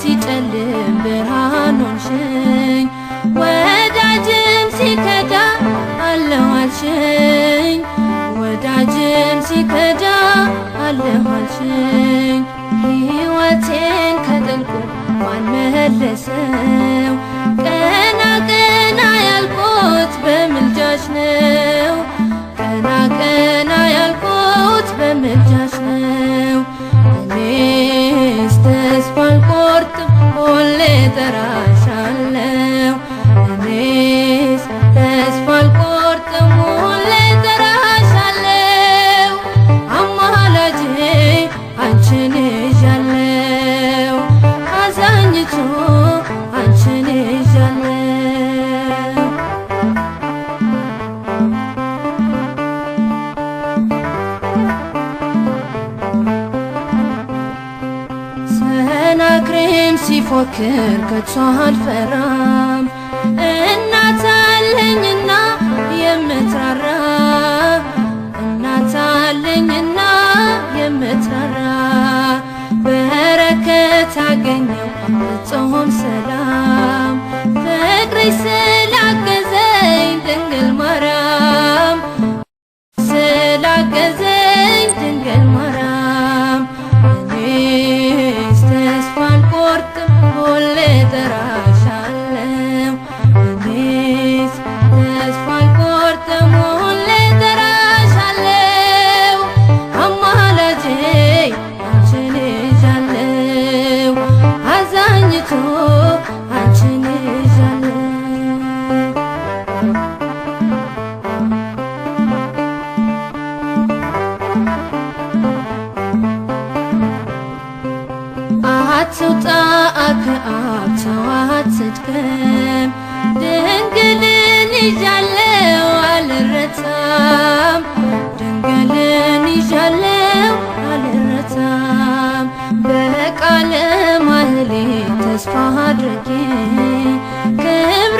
ሲጨልም ብርሃን ሆንሽኝ፣ ወዳጅም ሲከዳ አለሁ ወዳጅም ሲከዳ አለሁ አልሽኝ። ሕይወቴን ከጥልቁ ማን መለሰው? ቀና ቀና ያልኩት በምልጃሽ ነው። አብዝቶ አንቺን ይዣለሁ ሰናክሬም ሲፎክር ከቶ አልፈራም እናት አለኝና የምትራራ እናት አለኝና የምትራራ በረከት አገኘው ጾም ሰላም ፍቅሪ መጥቶ አትውጣ አትድከም ድንግልን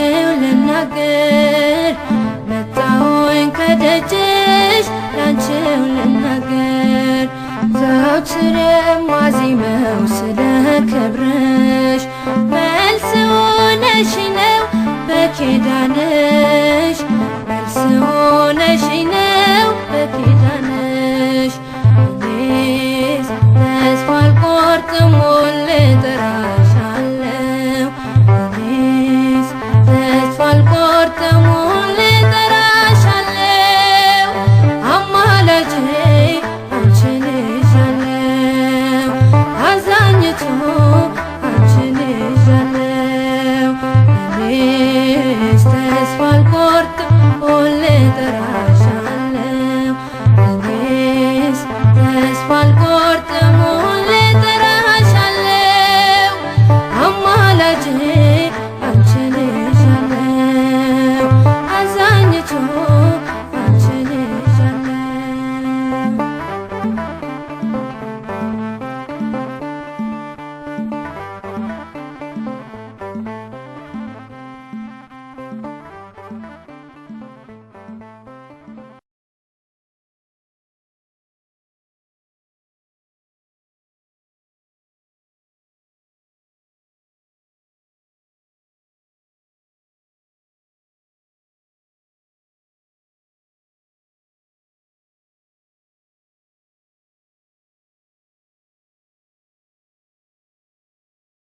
ሰው ልናገር መጣሁኝ ከደጅሽ ላንቺው ልናገር ዘውትር ማዜማ